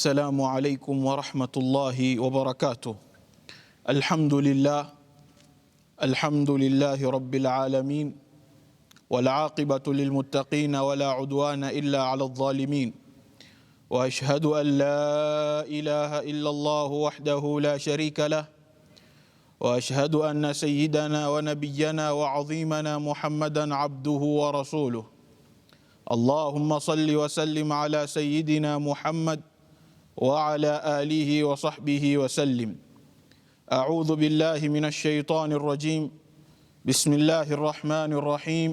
السلام عليكم ورحمه الله وبركاته الحمد لله الحمد لله رب العالمين والعاقبه للمتقين ولا عدوان الا على الظالمين واشهد ان لا اله الا الله وحده لا شريك له واشهد ان سيدنا ونبينا وعظيمنا محمدا عبده ورسوله اللهم صل وسلم على سيدنا محمد وعلى آله وصحبه وسلم أعوذ بالله من الشيطان الرجيم بسم الله الرحمن الرحيم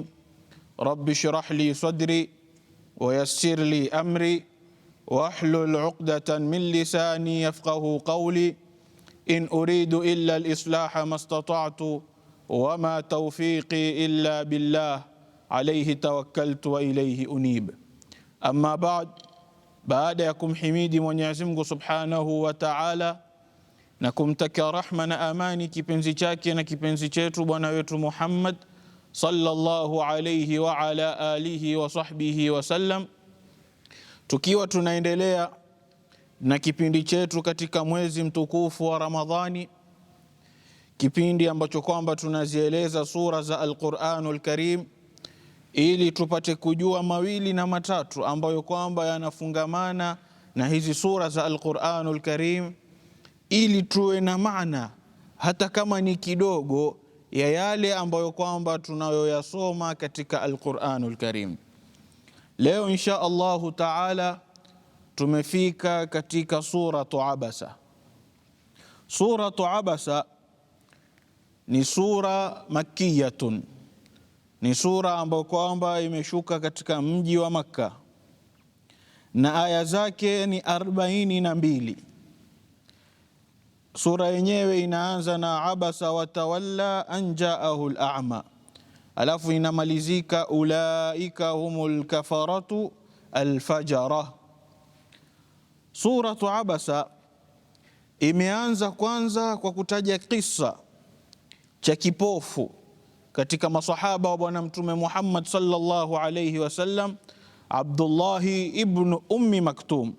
رب اشرح لي صدري ويسر لي أمري واحلل عقدة من لساني يفقه قولي إن أريد إلا الإصلاح ما استطعت وما توفيقي إلا بالله عليه توكلت وإليه أنيب أما بعد baada ya kumhimidi Mwenyezi Mungu Subhanahu wa Ta'ala na kumtakia rahma na amani kipenzi chake na kipenzi chetu bwana wetu Muhammad sallallahu alayhi wa ala alihi wa sahbihi wasallam, tukiwa tunaendelea na kipindi chetu katika mwezi mtukufu wa Ramadhani, kipindi ambacho kwamba tunazieleza sura za Al-Qur'anul Karim ili tupate kujua mawili na matatu ambayo kwamba yanafungamana na hizi sura za alquran lkarim ili tuwe na maana hata kama ni kidogo ya yale ambayo kwamba tunayoyasoma katika alquran lkarim Leo insha Allahu taala tumefika katika suratu Abasa. Suratu Abasa ni sura makiyatun ni sura ambayo kwamba imeshuka katika mji wa Makka na aya zake ni arobaini na mbili. Sura yenyewe inaanza na abasa watawalla an jaahu alafu inamalizika ulaika hum lkafaratu alfajara. Suratu Abasa imeanza kwanza kwa kutaja kisa cha kipofu katika masahaba wa Bwana Mtume Muhammad sallallahu alayhi wasallam, Abdullahi ibnu Ummi Maktum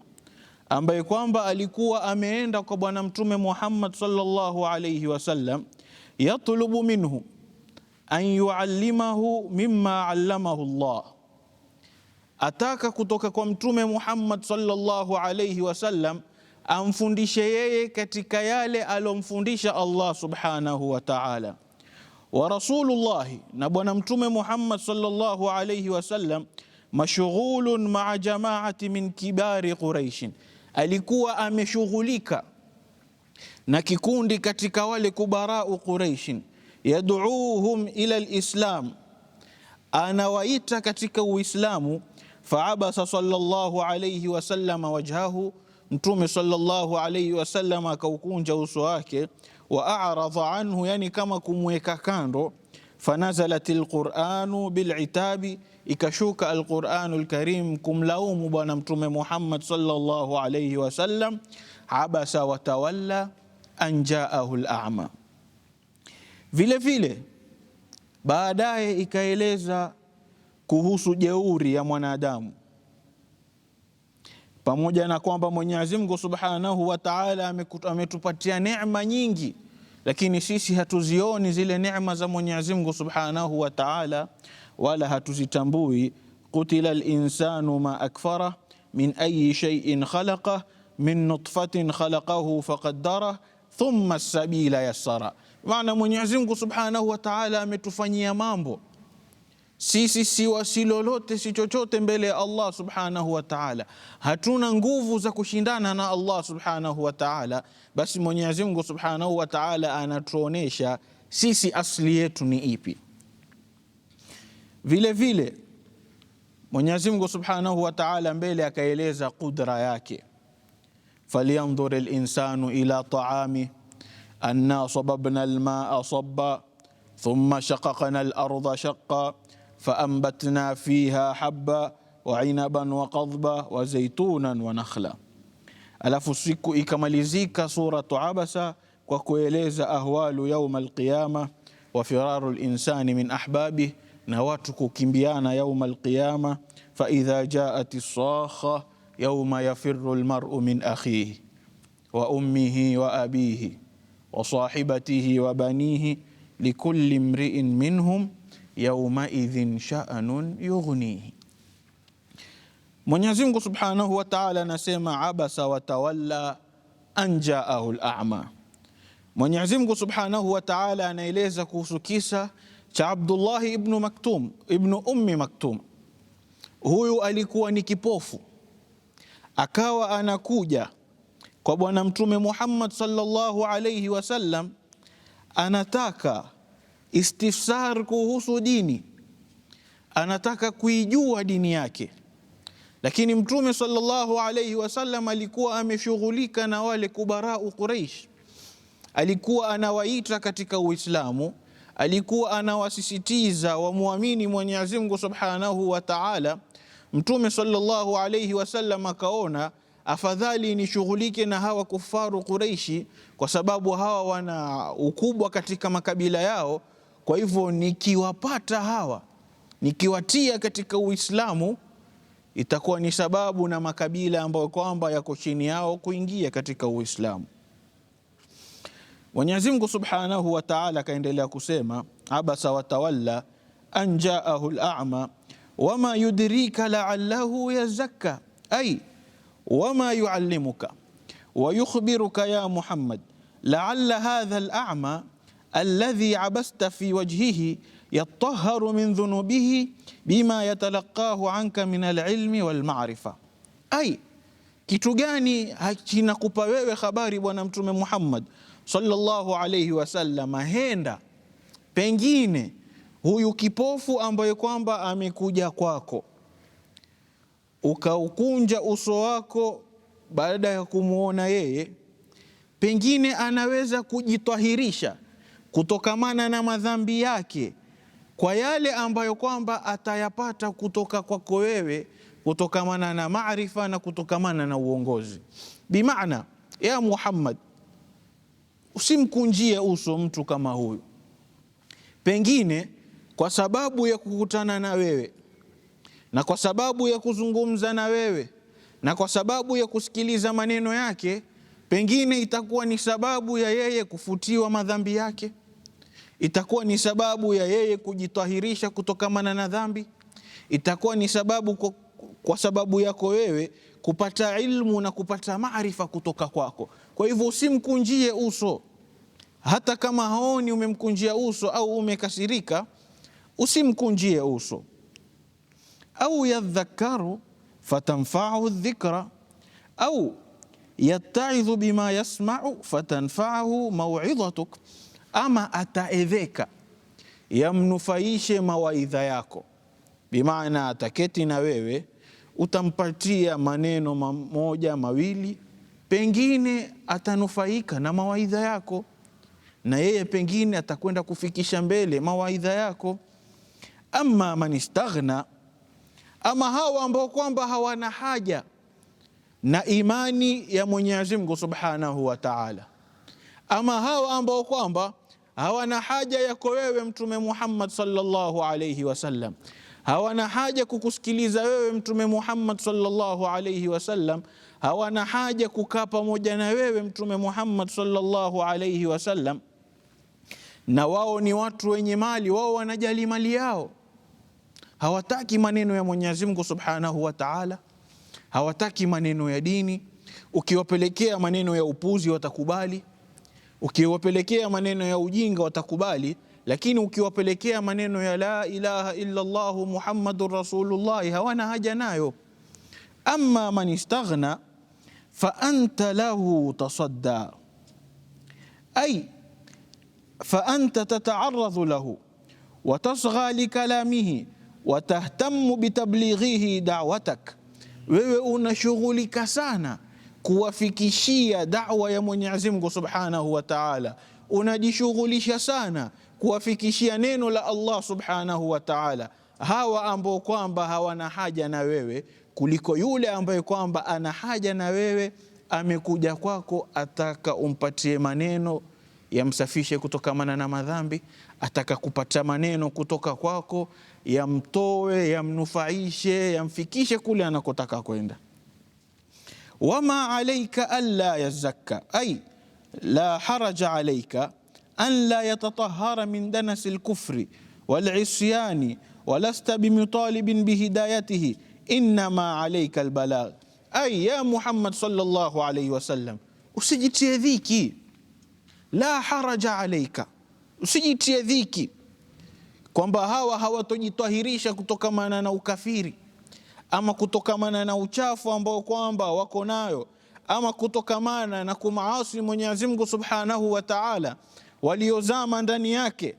ambaye kwamba alikuwa ameenda kwa Bwana Mtume Muhammad sallallahu alayhi wasallam, yatlubu minhu an yuallimahu mimma allamahu Allah, ataka kutoka kwa Mtume Muhammad sallallahu alayhi wasallam amfundishe yeye katika yale alomfundisha Allah subhanahu wa ta'ala wa rasulullahi, na Bwana Mtume Muhammad sallallahu alayhi wasallam, mashughulun maa jamaati min kibari Quraishin, alikuwa ameshughulika na kikundi katika wale kubarau Quraishin, yad'uuhum ila lislam, anawaita katika Uislamu. Faabasa sallallahu alayhi wasallam wajhahu, Mtume sallallahu alayhi wasallam akaukunja uso wake wa a'rada anhu, yani kama kumweka kando. Fanazalat lquranu bilitabi, ikashuka alquranu lkarim kumlaumu Bwana Mtume Muhammad sallallahu alayhi wasallam. Abasa watawalla an jaahu al'ama. Vile vile baadaye ikaeleza kuhusu jeuri ya mwanadamu pamoja na kwamba Mwenyezi Mungu Subhanahu wa Ta'ala ametupatia neema nyingi, lakini sisi hatuzioni zile neema za Mwenyezi Mungu Subhanahu wa Ta'ala, wala hatuzitambui. Qutila al-insanu ma akfara min ayi shay'in khalaqa min nutfatin khalaqahu faqaddara thumma as-sabila yassara. Maana Mwenyezi Mungu Subhanahu wa Ta'ala ametufanyia mambo sisi si wasi lolote si chochote mbele ya Allah subhanahu wa taala, hatuna nguvu za kushindana na Allah subhanahu wa taala. Basi Mwenyezi Mungu subhanahu wa taala anatuonesha sisi asili yetu ni ipi. Vile vile Mwenyezi Mungu subhanahu wa taala mbele akaeleza kudra yake, falyanzur linsanu ila taami anna sababna lmaa saba thumma shaqaqna larda shaqqa faambatna fiha haba wa inaban wa qadhba wa zaitunan wa nakhla. Alafu siku ikamalizika suratu Abasa kwa kueleza ahwalu yauma alqiyama wa firaru linsani min ahbabih, na watu kukimbiana yauma alqiyama. Faidha jaat lsakha yauma yafiru lmaru min akhihi wa ummihi wa abihi wa sahibatihi wa banihi likuli mriin minhum yaumaidhin sha'nun yughnihi. Mwenyezi Mungu Subhanahu wa Ta'ala anasema abasa wa tawalla an jaahu al-a'ma. Mwenyezi Mungu Subhanahu wa Ta'ala anaeleza kuhusu kisa cha abdullahi ibnu Maktum ibn Ummi Maktum. Huyu alikuwa ni kipofu, akawa anakuja kwa Bwana Mtume Muhammad sallallahu alayhi wasallam, anataka istifsar kuhusu dini, anataka kuijua dini yake. Lakini Mtume sallallahu alaihi wasallam alikuwa ameshughulika na wale kubarau Quraish, alikuwa anawaita katika Uislamu, alikuwa anawasisitiza wamwamini Mwenyezi Mungu subhanahu wa taala. Mtume sallallahu alaihi wasallam akaona afadhali nishughulike na hawa kufaru Quraishi, kwa sababu hawa wana ukubwa katika makabila yao kwa hivyo nikiwapata hawa, nikiwatia katika Uislamu itakuwa ni sababu na makabila ambayo kwamba yako chini yao kuingia katika Uislamu. Mwenyezi Mungu Subhanahu wa Ta'ala akaendelea kusema, abasa watawalla an jaahu al-a'ma wama yudrika la'allahu yazakka ay wama yuallimuka wa yukhbiruka ya Muhammad la'alla hadha al-a'ma alladhi abasta fi wajhihi yataharu min dhunubihi bima yatalaqahu anka min alilmi walmarifa. Ai, kitu gani kinakupa wewe habari Bwana Mtume Muhammad sallallahu alayhi wasallam, henda pengine huyu kipofu ambaye kwamba amekuja kwako ukaukunja uso wako baada ya kumwona yeye, pengine anaweza kujitwahirisha kutokamana na madhambi yake kwa yale ambayo kwamba atayapata kutoka kwako wewe kutokamana na maarifa na kutokamana na uongozi. Bimaana ya Muhammad, usimkunjie uso mtu kama huyu, pengine kwa sababu ya kukutana na wewe na kwa sababu ya kuzungumza na wewe na kwa sababu ya kusikiliza maneno yake pengine itakuwa ni sababu ya yeye kufutiwa madhambi yake, itakuwa ni sababu ya yeye kujitahirisha kutokamana na dhambi, itakuwa ni sababu kwa, kwa sababu yako wewe kupata ilmu na kupata maarifa kutoka kwako. Kwa hivyo usimkunjie uso, hata kama haoni umemkunjia uso au umekasirika, usimkunjie uso. Au yadhakaru fatanfau dhikra au yattaidhu bima yasmau fatanfaahu mauidhatuk, ama ataedheka yamnufaishe mawaidha yako. Bimaana ataketi na wewe utampatia maneno mamoja mawili, pengine atanufaika na mawaidha yako, na yeye pengine atakwenda kufikisha mbele mawaidha yako. ama man istaghna, ama hawa ambao kwamba hawana haja na imani ya Mwenyezi Mungu Subhanahu wa Ta'ala. Ama hawa ambao kwamba hawana haja yako wewe Mtume Muhammad sallallahu alayhi wasallam, hawana haja kukusikiliza wewe Mtume Muhammad sallallahu alayhi wasallam, hawana haja kukaa pamoja na wewe Mtume Muhammad sallallahu alayhi wasallam, na wao ni watu wenye mali, wao wanajali mali yao, hawataki maneno ya Mwenyezi Mungu Subhanahu wa Ta'ala hawataki maneno ya dini. Ukiwapelekea maneno ya upuzi watakubali, ukiwapelekea maneno ya ujinga watakubali, lakini ukiwapelekea maneno ya la ilaha illa Allah muhammadur rasulullah hawana haja nayo. Amma man istaghna fa anta lahu tasadda ay fa anta tata'arradhu lahu wa tasgha likalamihi wa tahtammu bitablighihi da'watak wewe unashughulika sana kuwafikishia dawa ya Mwenyezi Mungu Subhanahu wa Ta'ala, unajishughulisha sana kuwafikishia neno la Allah Subhanahu wa Ta'ala hawa ambao kwamba hawana haja na wewe, kuliko yule ambaye kwamba ana haja na wewe, amekuja kwako, ataka umpatie maneno yamsafishe kutokamana na madhambi, ataka kupata maneno kutoka kwako yamtoe, yamnufaishe, yamfikishe kule anakotaka kwenda. Wama alaika alla yazakka ay la haraja alaika an la yatatahara min danasi lkufri walisyani walasta bimutalibin bihidayatihi innama alaika albalagh ay ya Muhammad sallallahu alayhi wasallam, usijitie dhiki. La haraja alaika, usijitie dhiki kwamba hawa hawatojitwahirisha kutokamana na ukafiri ama kutokamana na uchafu ambao kwamba wako nayo ama kutokamana na kumaasi Mwenyezi Mungu Subhanahu wa Ta'ala, waliozama ndani yake.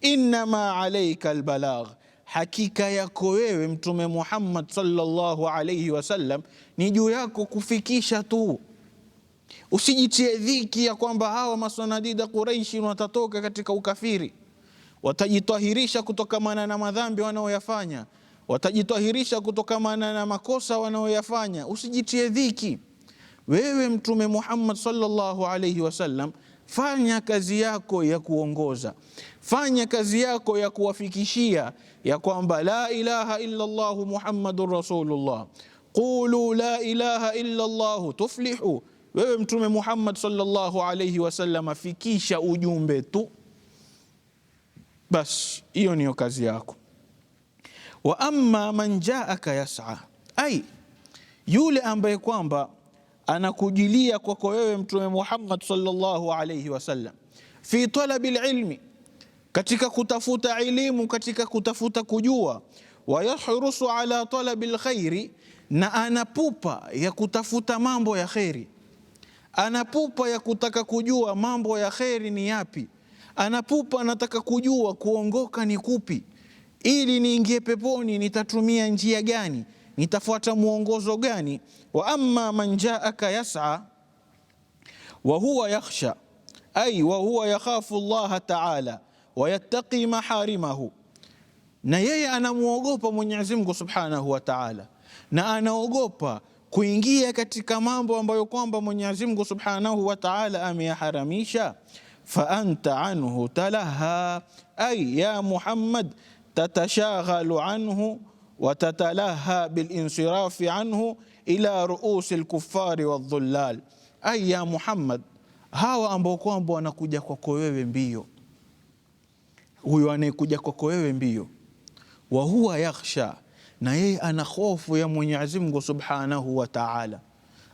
Innama alaika albalagh, hakika yako wewe Mtume Muhammad sallallahu alayhi wasallam ni juu yako kufikisha tu. Usijitie dhiki ya kwamba hawa masanadida Quraishi watatoka katika ukafiri watajitahirisha kutokamana na madhambi wanaoyafanya, watajitahirisha kutokamana na makosa wanaoyafanya. Usijitie dhiki wewe, Mtume Muhammad sallallahu alaihi wasallam, fanya kazi yako ya kuongoza, fanya kazi yako ya kuwafikishia ya kwamba la ilaha illa Allah muhammadun rasulullah, qulu la ilaha illa tuflihu. Wewe Mtume Muhammad sallallahu alaihi wasallam, afikisha ujumbe tu basi hiyo niyo kazi yako. Wa amma man jaaka yas'a, ai yule ambaye kwamba anakujilia kwako wewe Mtume Muhammad sallallahu alayhi wasallam, fi talabi lilmi katika kutafuta elimu, katika kutafuta kujua, wa yahrusu ala talabi lkhairi na anapupa ya kutafuta mambo ya kheri, anapupa ya kutaka kujua mambo ya kheri ni yapi Anapupa anataka kujua kuongoka ni kupi, ili niingie peponi nitatumia njia gani? Nitafuata mwongozo gani? wa amma man jaaka yas'a wa huwa yakhsha ai wa huwa yakhafu llaha ta'ala wa yattaqi maharimahu, na yeye anamwogopa Mwenyezi Mungu Subhanahu wa Ta'ala, na anaogopa kuingia katika mambo ambayo kwamba Mwenyezi Mungu Subhanahu wa Ta'ala ameyaharamisha fa anta anhu talaha, ay ya Muhammad tatashaghalu anhu wa tatalaha bilinsirafi anhu ila ruusi lkufari wadhullal. Ay ya Muhammad, hawa ambao kwamba wanakuja kwako wewe mbio, huyo anayekuja kwako wewe mbio, wahuwa huwa yakhsha, na yeye ana hofu ya Mwenyezi Mungu subhanahu wa taala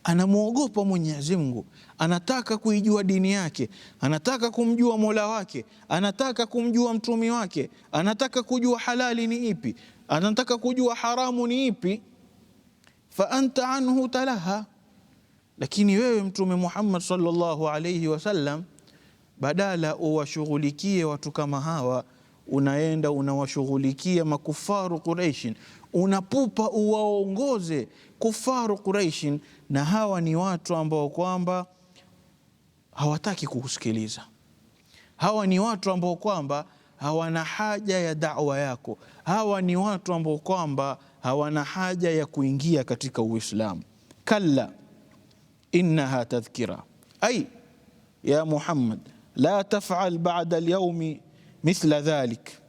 anamwogopa Mwenyezi Mungu, anataka kuijua dini yake, anataka kumjua mola wake, anataka kumjua mtumi wake, anataka kujua halali ni ipi, anataka kujua haramu ni ipi. Fa anta anhu talaha, lakini wewe Mtume Muhammad sallallahu alayhi wasallam, badala uwashughulikie watu kama hawa, unaenda unawashughulikia makufaru Quraishin unapupa uwaongoze kufaru Quraishin, na hawa ni watu ambao kwamba hawataki kukusikiliza. Hawa ni watu ambao kwamba hawana haja ya dawa yako. Hawa ni watu ambao kwamba hawana haja ya kuingia katika Uislamu. Kalla innaha tadhkira, ai ya Muhammad la tafal ba'da al-yawmi mithla dhalik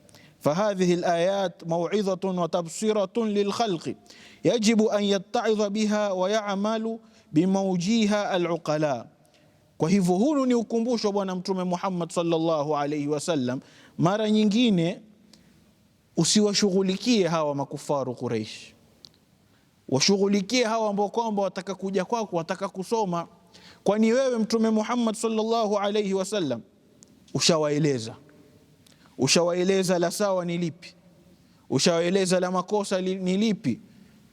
fahadhihi layat maw'idhatun wa tabsiratun lilkhalqi yajibu an yattaidha biha wa ya'malu bimawjiha aluqala. Kwa hivyo huu ni ukumbusho Bwana Mtume Muhammad sallallahu alayhi wasallam. Mara nyingine usiwashughulikie hawa makufaru Quraish, washughulikie hawa ambao kwamba wataka kuja kwako, wataka kusoma, kwani wewe Mtume Muhammad sallallahu alayhi wasallam ushawaeleza Ushawaeleza la sawa ni lipi, ushawaeleza la makosa ni lipi.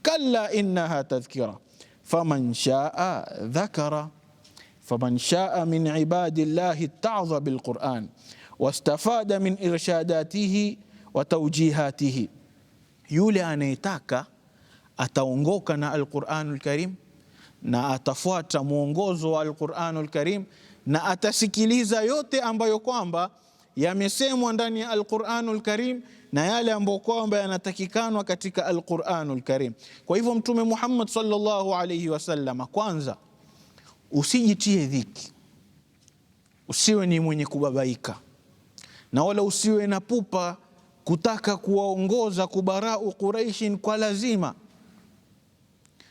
Kalla innaha tadhkira faman shaa dhakara faman shaa min ibadi llahi taadha bilquran wastafada min irshadatihi wa tawjihatihi, yule anayetaka ataongoka na Alquranul lkarim na atafuata mwongozo wa Alquranul lkarim na atasikiliza yote ambayo kwamba yamesemwa ndani ya Alquranul Karim na yale ambayo kwamba yanatakikanwa katika Alquranul Karim. Kwa hivyo Mtume Muhammad sallallahu alayhi wasallam, kwanza usijitie dhiki, usiwe ni mwenye kubabaika na wala usiwe na pupa kutaka kuwaongoza kubarau Quraishin kwa lazima,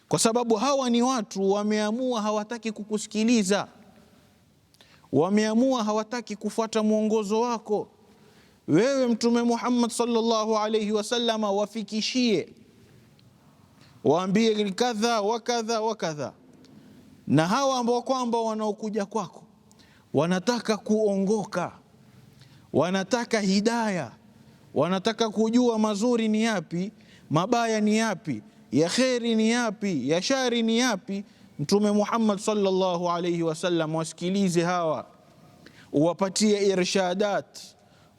kwa sababu hawa ni watu wameamua, hawataki kukusikiliza wameamua hawataki kufuata mwongozo wako wewe Mtume Muhammad sallallahu alaihi wasalama wafikishie waambie kadha wa kadha wa kadha. Na hawa ambao kwamba wanaokuja kwako wanataka kuongoka, wanataka hidaya, wanataka kujua mazuri ni yapi, mabaya ni yapi, ya kheri ni yapi, ya shari ni yapi Mtume Muhammad sallallahu alaihi wasallam, wasikilize hawa, uwapatie irshadat,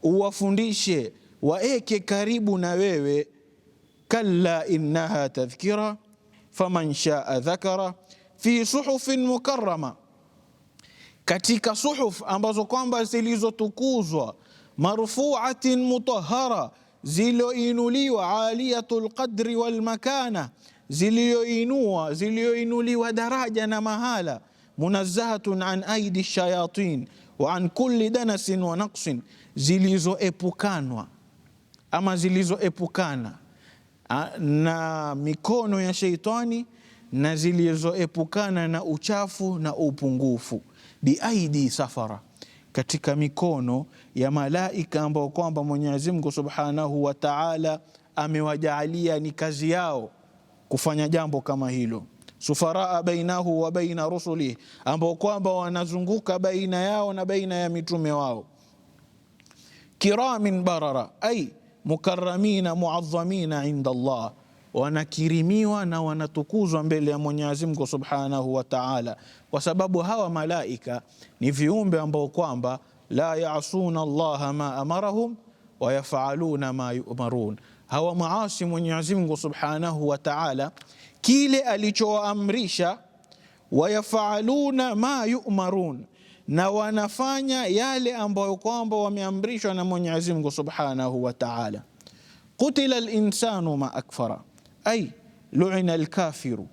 uwafundishe, waeke karibu na wewe. Kalla innaha tadhkira faman shaa dhakara fi suhufin mukarrama, katika suhuf ambazo kwamba zilizotukuzwa, marfuatin mutahhara, zilioinuliwa aliyatul qadri walmakana ziliyoinua ziliyoinuliwa daraja na mahala, munazzahatun an aidi shayatin wa an kulli danasin wa naqsin, zilizoepukanwa ama zilizoepukana na mikono ya sheitani na zilizoepukana na uchafu na upungufu. Biaidi safara, katika mikono ya malaika ambao kwamba Mwenyezi Mungu Subhanahu wa Ta'ala amewajaalia ni kazi yao kufanya jambo kama hilo sufaraa bainahu wa baina rusulih, ambao kwamba wanazunguka baina yao na baina ya mitume wao. Kiramin barara ai mukarramina muadhamina inda Allah, wanakirimiwa na wanatukuzwa mbele ya Mwenyezi Mungu subhanahu wa taala, kwa sababu hawa malaika ni viumbe ambao kwamba la yaasuna Allaha ma amarahum wayafaluna ma yumarun hawamaasi Mwenyezi Mungu Subhanahu wa Ta'ala kile alichowaamrisha, wayafaaluna ma yu'marun, na wanafanya yale ambayo kwamba wameamrishwa na Mwenyezi Mungu Subhanahu wa Ta'ala. Qutila al-insanu ma akfara ay lu'ina al-kafiru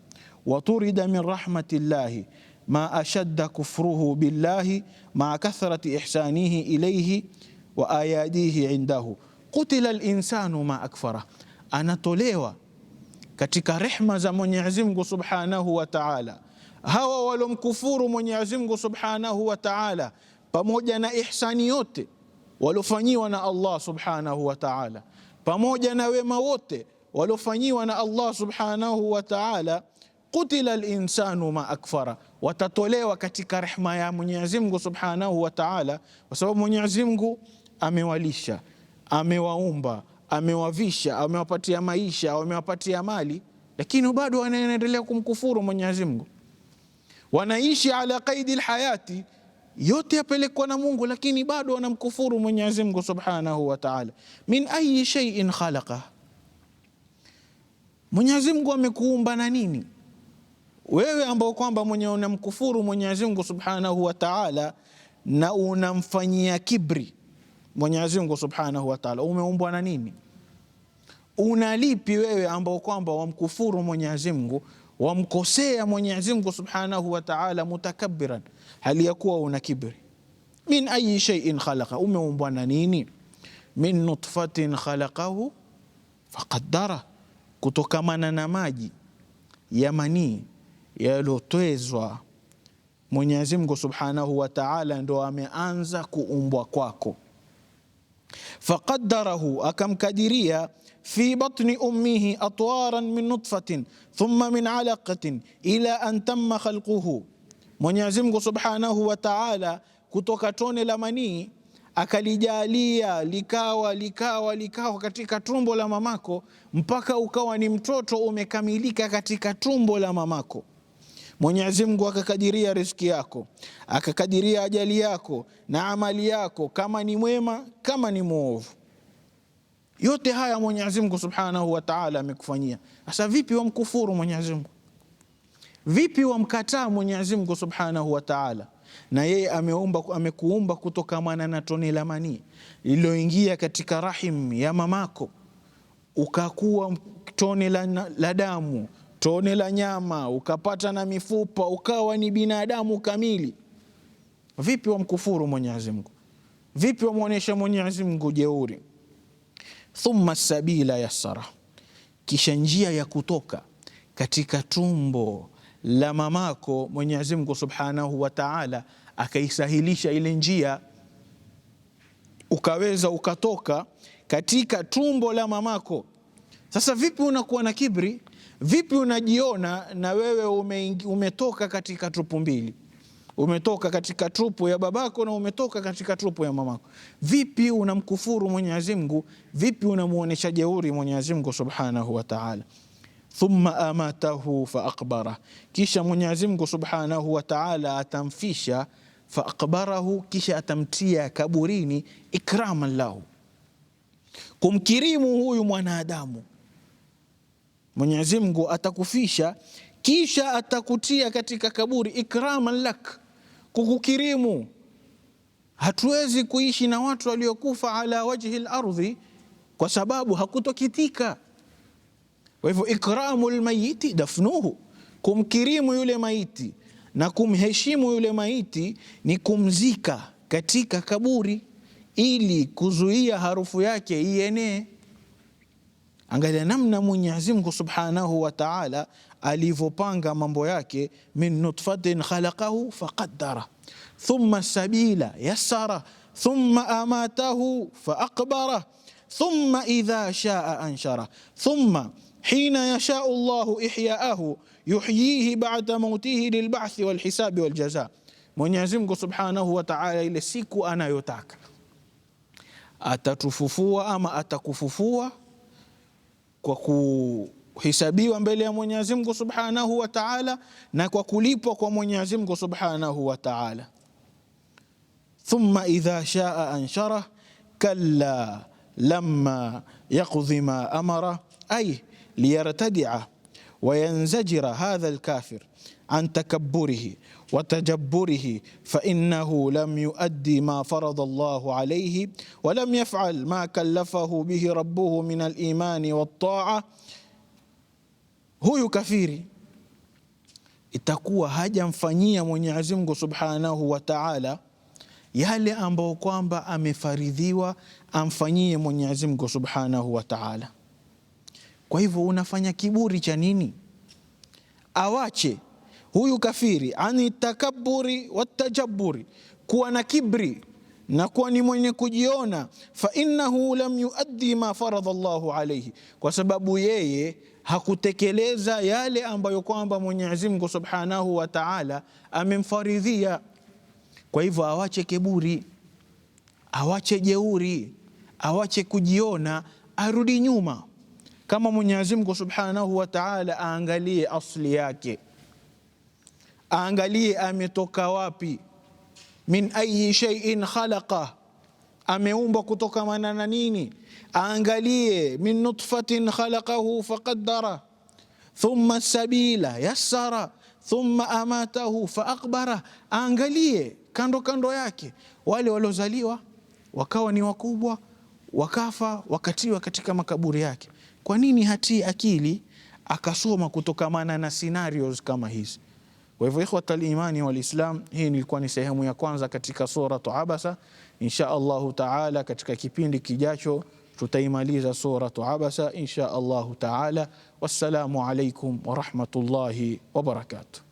wa turida min rahmati llahi ma ashadda kufruhu billahi ma kathrati ihsanihi ilayhi wa ayadihi indahu qutila linsanu ma akfara, anatolewa katika rehma za Mwenyezi Mungu subhanahu wa taala hawa walomkufuru Mwenyezi Mungu subhanahu wa taala, pamoja na ihsani yote waliofanyiwa na Allah subhanahu wa taala, pamoja na wema wote waliofanyiwa na Allah subhanahu wa taala, qutila linsanu ma akfara, watatolewa katika rehma ya Mwenyezi Mungu subhanahu wa taala, kwa sababu Mwenyezi Mungu amewalisha amewaumba, amewavisha, amewapatia maisha, amewapatia mali, lakini bado wanaendelea kumkufuru Mwenyezi Mungu, wanaishi ala qaidi lhayati yote yapelekwa na Mungu, lakini bado wanamkufuru Mwenyezi Mungu subhanahu wa taala. Min ayi shay'in khalaqa, Mwenyezi Mungu amekuumba na nini? Wewe ambao kwamba mwenye unamkufuru Mwenyezi Mungu subhanahu wa taala na unamfanyia kibri Mwenyezi Mungu Subhanahu wa Ta'ala, umeumbwa na nini? lipi wewe ambao kwamba wamkufuru Mwenyezi Mungu, wamkosea Mwenyezi Mungu Subhanahu wa Ta'ala, hali ya kuwa una kibri. Min ayi shay'in khalaka, umeumbwa na nini? Min nutfatin khalaqahu faqaddara, kutokamana na maji ya manii yalotwezwa Mwenyezi Mungu Subhanahu wa Ta'ala, ndo ameanza kuumbwa kwako faqaddarahu, akamkadiria fi batni ummihi atwaran min nutfatin thumma min alaqatin ila an tamma khalquhu. Mwenyezi Mungu subhanahu wa ta'ala, kutoka tone la manii akalijalia likawa likawa likawa katika tumbo la mamako mpaka ukawa ni mtoto umekamilika katika tumbo la mamako. Mwenyezi Mungu akakadiria riziki yako, akakadiria ajali yako na amali yako, kama ni mwema, kama ni mwovu. Yote haya Mwenyezi Mungu Subhanahu wa Ta'ala amekufanyia. Sasa vipi wamkufuru Mwenyezi Mungu? Vipi wamkataa Mwenyezi Mungu Subhanahu wa Ta'ala? Na yeye ameumba amekuumba kutokamana na tone la manii lililoingia katika rahim ya mamako, ukakuwa tone la, la damu tone la nyama, ukapata na mifupa, ukawa ni binadamu kamili. Vipi wamkufuru Mwenyezi Mungu? Vipi wamwonyesha Mwenyezi Mungu jeuri? Thumma sabila yassara, kisha njia ya kutoka katika tumbo la mamako Mwenyezi Mungu subhanahu wa taala akaisahilisha ile njia, ukaweza ukatoka katika tumbo la mamako. Sasa vipi unakuwa na kibri Vipi unajiona na wewe ume, umetoka katika trupu mbili, umetoka katika trupu ya babako na umetoka katika trupu ya mamako. Vipi unamkufuru Mwenyezi Mungu? Vipi unamuonesha jeuri Mwenyezi Mungu Subhanahu wa Ta'ala? Thumma amatahu fa akbara kisha Mwenyezi Mungu Subhanahu wa Ta'ala atamfisha fa akbarahu kisha atamtia kaburini, ikraman lahu, kumkirimu huyu mwanadamu Mwenyezi Mungu atakufisha kisha atakutia katika kaburi ikraman lak, kukukirimu. Hatuwezi kuishi na watu waliokufa ala wajhi lardhi, kwa sababu hakutokitika. Kwa hivyo ikramu lmayiti dafnuhu, kumkirimu yule maiti na kumheshimu yule maiti ni kumzika katika kaburi, ili kuzuia harufu yake ienee. Angalia namna Mwenyezi Mungu Subhanahu wa Ta'ala alivyopanga mambo yake, min nutfatin khalaqahu faqaddara thumma sabila yassara thumma amatahu faaqbara thumma idha shaa anshara thumma hina yashau Allahu ihyaahu yuhyihi ba'da mautihi lilba'thi walhisabi waljaza. Mwenyezi Mungu Subhanahu wa Ta'ala ile siku anayotaka atatufufua ama atakufufua kwa kuhisabiwa mbele ya Mwenyezi Mungu Subhanahu wa Ta'ala na kwa kulipwa kwa Mwenyezi Mungu Subhanahu wa Ta'ala. Thumma idha shaa anshara kalla lamma yaqdhi ma amara ay liyartadia wa yanzajira hadha alkafir an takabburihi وتجبره فإنه لم يؤدي ما فرض الله عليه ولم يفعل ما كلفه به ربه من الإيمان والطاعة huyu kafiri itakuwa hajamfanyia Mwenyezi Mungu Subhanahu wa Ta'ala yale ambayo kwamba amefaridhiwa amfanyie Mwenyezi Mungu Subhanahu wa Ta'ala. Kwa hivyo unafanya kiburi cha nini? Awache huyu kafiri, ani takaburi watajaburi, kuwa na kibri na kuwa ni mwenye kujiona. Fa innahu lam yuaddi ma faradha Allahu alayhi, kwa sababu yeye hakutekeleza yale ambayo kwamba Mwenyezi Mungu Subhanahu wa Ta'ala amemfaridhia. Kwa hivyo awache kiburi, awache jeuri, awache kujiona, arudi nyuma, kama Mwenyezi Mungu Subhanahu wa Ta'ala aangalie asli yake aangalie ametoka wapi. Min ayi shaiin khalaqa, ameumbwa kutokamana na nini? Aangalie min nutfatin khalaqahu faqaddara thumma sabila yassara thumma amatahu faakbara. Aangalie kando kando yake wale waliozaliwa wakawa ni wakubwa wakafa wakatiwa katika makaburi yake. Kwa nini hatii akili akasoma kutokamana na scenarios kama hizi? Kwa hivyo ikhwat alimani walislam, hii ilikuwa ni sehemu ya kwanza katika suratu Abasa. Insha Allahu taala katika kipindi kijacho tutaimaliza suratu Abasa insha Allahu taala. Wassalamu alaikum warahmatullahi wabarakatuh.